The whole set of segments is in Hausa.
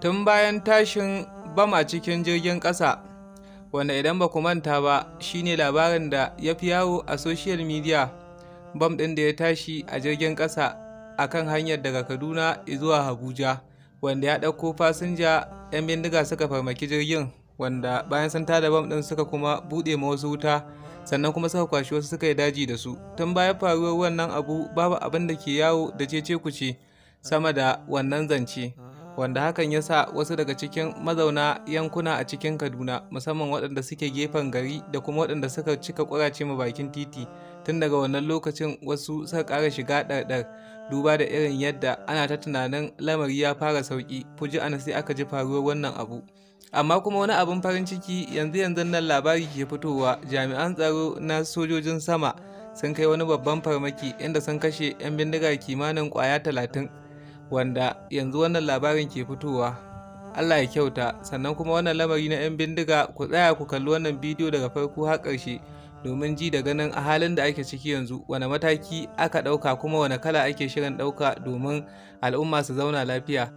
tun bayan tashin bama cikin jirgin ƙasa wanda idan ba ku manta ba shine labarin da ya fi yawo a social media bam ɗin da ya tashi a jirgin ƙasa a kan hanyar daga kaduna zuwa abuja wanda ya ɗauko fasinja 'yan bindiga suka farmaki jirgin wanda bayan sun tada bam ɗin suka kuma buɗe ma wasu wuta sannan kuma suka kwashi wasu suka yi daji da su tun bayan faruwar wannan abu babu abin da ke yawo da ce-ce ku ce, sama da wannan zance wanda hakan ya sa wasu daga cikin mazauna yankuna a cikin kaduna musamman waɗanda suke gefen gari da kuma waɗanda suka cika ƙurace ma bakin titi tun daga wannan lokacin wasu suka ƙara shiga ɗarɗar duba da irin yadda ana ta tunanin lamari ya fara sauƙi fuji ana sai aka ji faruwar wannan abu amma kuma wani abin farin ciki yanzu yanzu nan labari ke fitowa jami'an tsaro na sojojin sama sun kai wani babban farmaki inda sun kashe 'yan bindiga kimanin kwaya talatin wanda yanzu wannan labarin ke fitowa Allah ya kyauta sannan kuma wannan lamari na 'yan bindiga ku tsaya ku kalli wannan bidiyo daga farko har ƙarshe domin ji da ganin a halin da ake ciki yanzu wane mataki aka ɗauka kuma wane kala ake shirin ɗauka domin al'umma su zauna lafiya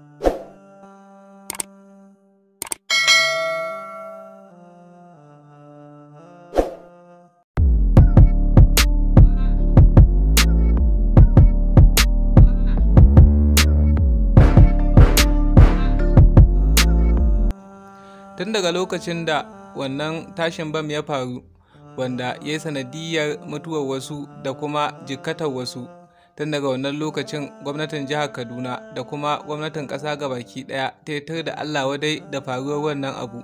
tun daga lokacin da wannan tashin bam ya faru wanda ya yi sanadiyar mutuwar wasu da kuma jikkatar wasu tun daga wannan lokacin gwamnatin jihar kaduna da kuma gwamnatin ƙasa baki ɗaya ta yi da allah wadai da faruwar wannan abu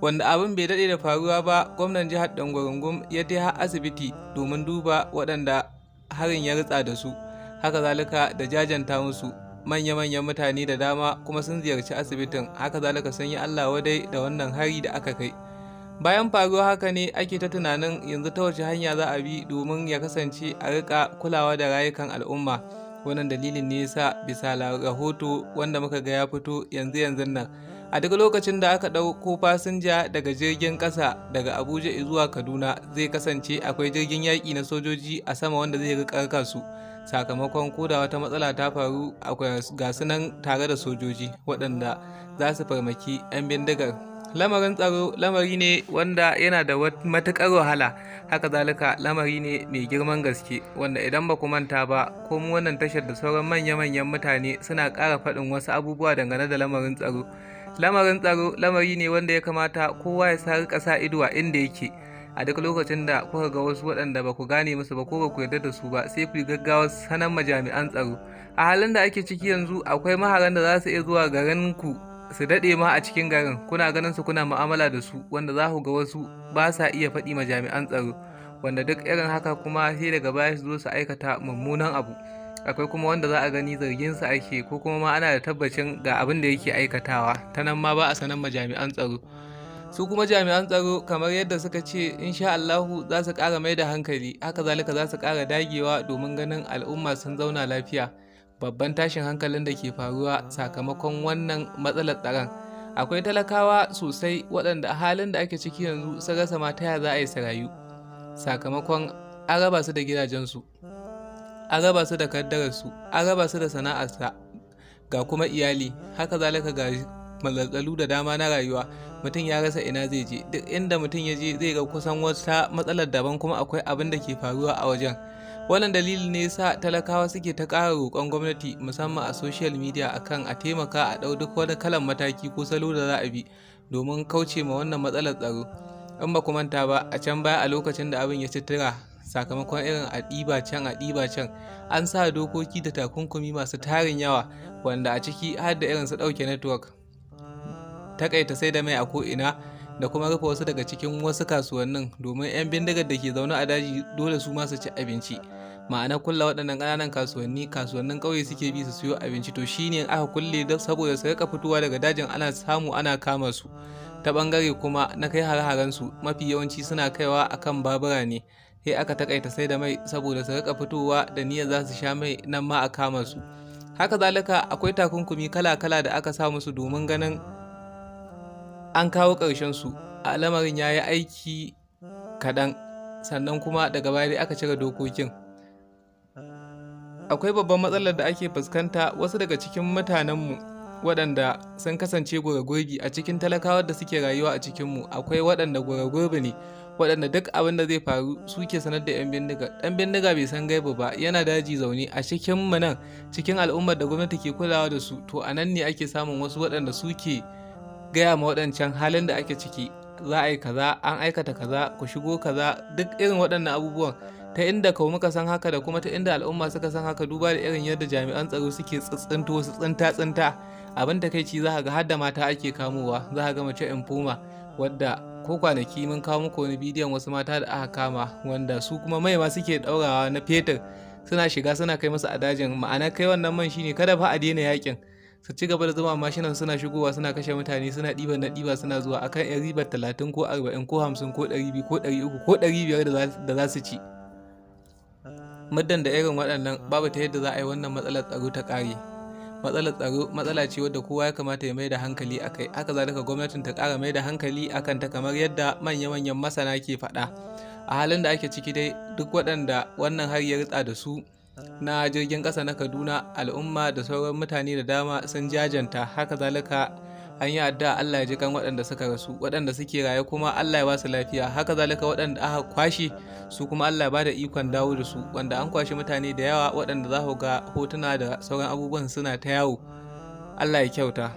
wanda abin bai daɗe da faruwa ba gwamnan jihar dangwarungum ya je har asibiti domin duba waɗanda harin ya ritsa da su haka zalika da jajanta musu manya-manyan mutane da dama kuma sun ziyarci asibitin haka zalika sun yi allah wadai da wannan hari da aka kai bayan faruwa haka ne ake ta tunanin yanzu ta wace hanya za a bi domin ya kasance a rika kulawa da rayukan al'umma wannan dalilin ne yasa bisa rahoto wanda muka ga ya fito yanzu yanzu nan a duk lokacin da aka ɗauko fasinja daga jirgin kasa daga abuja zuwa kaduna zai kasance akwai jirgin yaƙi na sojoji a sama wanda zai rika su sakamakon koda wata matsala ta faru gasu sunan tare da sojoji waɗanda za su farmaki 'yan bindigar lamarin tsaro lamari ne wanda yana da matuƙar wahala haka zalika lamari ne mai girman gaske wanda idan ba ku manta ba ko wannan tashar da sauran manya-manyan mutane suna ƙara faɗin wasu abubuwa dangane da lamarin tsaro lamarin tsaro lamari ne wanda ya kamata kowa ya sa ƙasa sa ido a inda yake a duk lokacin da kuka ga wasu waɗanda ba ku gane musu ba ko ba ku yarda da su ba sai ku gaggawa sanan majami'an tsaro a halin da ake ciki yanzu akwai maharan da za su iya zuwa garin ku su daɗe ma a cikin garin kuna ganin su kuna mu'amala da su wanda za ku ga wasu ba sa iya faɗi ma jami'an tsaro wanda duk irin haka kuma sai daga baya su zo su aikata mummunan abu akwai kuma wanda za a gani zargin sa ake ko kuma ma ana da tabbacin ga abin da yake aikatawa ta nan ma ba a sanan majami'an tsaro su kuma jami'an tsaro kamar yadda suka ce insha Allahu za su ƙara mai da hankali haka zalika za su ƙara dagewa domin ganin al'umma sun zauna lafiya babban tashin hankalin da ke faruwa sakamakon wannan matsalar tsaron akwai talakawa sosai waɗanda halin da ake ciki yanzu sun rasa mata ya za a yi su rayu sakamakon an raba su da gidajensu an raba su da kaddararsu an raba su da sana'arsa ga kuma iyali haka zalika ga matsatsalu da dama na rayuwa mutum ya rasa ina zai je duk inda mutum ya je zai ga kusan wata matsalar daban kuma akwai abin da ke faruwa a wajen wannan dalili ne sa talakawa suke ta ƙara roƙon gwamnati musamman a social media akan a taimaka a ɗau duk wani kalan mataki ko salo da za a bi domin kauce ma wannan matsalar tsaro in ba ku manta ba a can baya a lokacin da abin ya ci tura sakamakon irin a ɗiba can a ɗiba can an sa dokoki da takunkumi masu tarin yawa wanda a ciki har da irin su ɗauke network takaita sai da mai a ko ina da kuma rufe wasu daga cikin wasu kasuwannin domin 'yan bindigar da ke zaune a daji dole su masu ci abinci ma'ana kulla waɗannan ƙananan kasuwanni kasuwannin ƙauye suke bi su siyo abinci to shine aka kulle saboda su rika fitowa daga dajin ana samu ana kama su ta ɓangare kuma na kai har su mafi yawanci suna kaiwa akan babura ne sai aka takaita sai da mai saboda su rika fitowa da niyyar za su sha mai nan ma a kama su haka zalika akwai takunkumi kala-kala da aka sa musu domin ganin an kawo ƙarshen su lamarin ya yi aiki kaɗan sannan kuma daga baya aka cire dokokin akwai babban matsalar da ake fuskanta wasu daga cikin mutanenmu waɗanda sun kasance gurgurbi a cikin talakawar da suke rayuwa a cikinmu akwai waɗanda gurgurbi ne waɗanda duk abin da zai faru suke sanar da 'yan bindiga ɗan bindiga bai san gaiba ba yana daji zaune a cikin mu nan cikin al'ummar da gwamnati ke kulawa da su to a nan ne ake samun wasu waɗanda suke gaya ma waɗancan halin da ake ciki za a yi kaza an aikata kaza ku shigo kaza duk irin waɗannan abubuwan ta inda kau muka san haka da kuma ta inda al'umma suka san haka duba da irin yadda jami'an tsaro suke tsintsinto su tsinta tsinta abin takaici za ga har da mata ake kamowa za ga mace fuma wadda ko kwanaki mun kawo muku wani bidiyon wasu mata da aka kama wanda su kuma mai ma suke daurawa na fetur suna shiga suna kai masa adajin ma'ana kai wannan man shine kada fa a daina yakin su ci gaba da zama mashinan suna shigowa suna kashe mutane suna ɗiba na ɗiba suna zuwa akan yan ribar talatin ko arba'in ko hamsin ko ɗari biyu ko ɗari uku ko ɗari biyar da za su ci muddan da irin waɗannan babu ta yadda za a yi wannan matsalar tsaro ta ƙare matsalar tsaro matsala ce wadda kowa ya kamata ya mai da hankali a kai haka zalika gwamnatin ta ƙara mai da hankali a kanta kamar yadda manya-manyan masana ke faɗa a halin da ake ciki dai duk waɗanda wannan har ya ritsa da su na jirgin ƙasa na kaduna al'umma da sauran mutane da dama sun jajanta haka zalika an yi addu'a allah ya ji kan waɗanda suka rasu waɗanda suke raye kuma allah ya ba su lafiya haka zalika waɗanda aka kwashe su kuma allah ya ba da ikon dawo da su wanda an kwashe mutane da yawa waɗanda za ku ga hotuna da sauran abubuwan suna ta yawo allah ya kyauta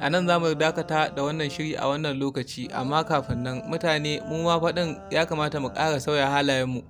a nan za mu dakata da wannan shiri a wannan lokaci amma kafin nan mutane mu ma faɗin ya kamata mu ƙara sauya halayenmu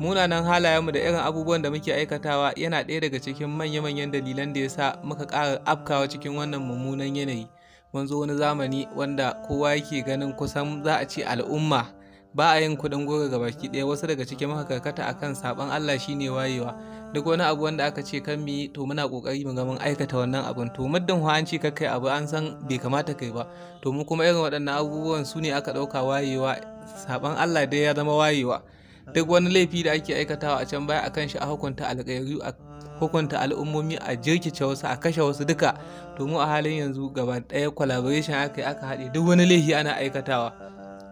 munanan halayenmu da irin abubuwan da muke aikatawa yana ɗaya daga cikin manya-manyan dalilan da ya sa muka ƙara afkawa cikin wannan mummunan yanayi mun zo wani zamani wanda kowa yake ganin kusan za a ce al'umma ba a yin kuɗin goro ga baki ɗaya wasu daga cikin muka karkata akan saɓon Allah shine wayewa duk wani abu wanda aka ce kan mi to muna ƙoƙari mu ga mun aikata wannan abun to muddin hanci ka kai abu an san bai kamata kai ba to mu kuma irin waɗannan abubuwan su ne aka ɗauka wayewa saɓon Allah dai ya zama wayewa duk wani laifi da ake aikatawa a can baya akan shi a hukunta alƙairu a hukunta al'ummomi a jirkice wasu a kashe wasu duka domin a halin yanzu gaba ɗaya collaboration aka yi aka haɗe duk wani laifi ana aikatawa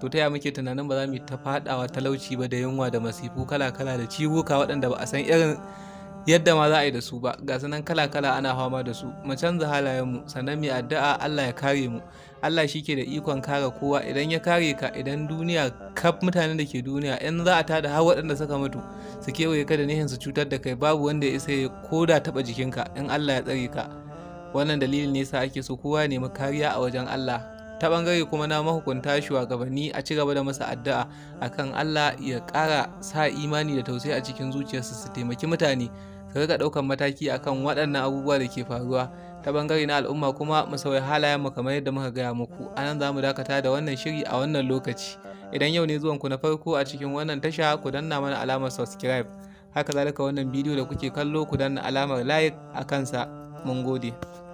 to ta ya muke tunanin ba za mu ta faɗawa talauci ba da yunwa da masifu kala-kala da ciwuka waɗanda ba a san irin yadda ma za a yi da su ba ga sanan kala-kala ana fama da su mu canza halayenmu sannan mai addu'a Allah ya kare mu Allah shi ke da ikon kare kowa idan ya kare ka idan duniya kaf mutanen da ke duniya in za a tada har waɗanda suka mutu su kewaye ka da nihin su cutar da kai babu wanda ya isa ya koda taɓa jikinka in Allah ya tsare ka wannan dalilin ne yasa ake so kowa nemi kariya a wajen Allah ta bangare kuma na mahukunta shugabanni a ci gaba da masa addu'a akan Allah ya ƙara sa imani da tausayi a cikin zuciyarsa su taimaki mutane su rika ɗaukar mataki akan waɗannan abubuwa da ke faruwa ta bangare na al'umma kuma mu sauya halayen mu kamar yadda muka gaya muku a nan za mu dakata da wannan shiri a wannan lokaci idan yau ne zuwanku na farko a cikin wannan tasha ku danna mana alamar subscribe haka zalika wannan bidiyo da kuke kallo ku danna alamar like a kansa mun gode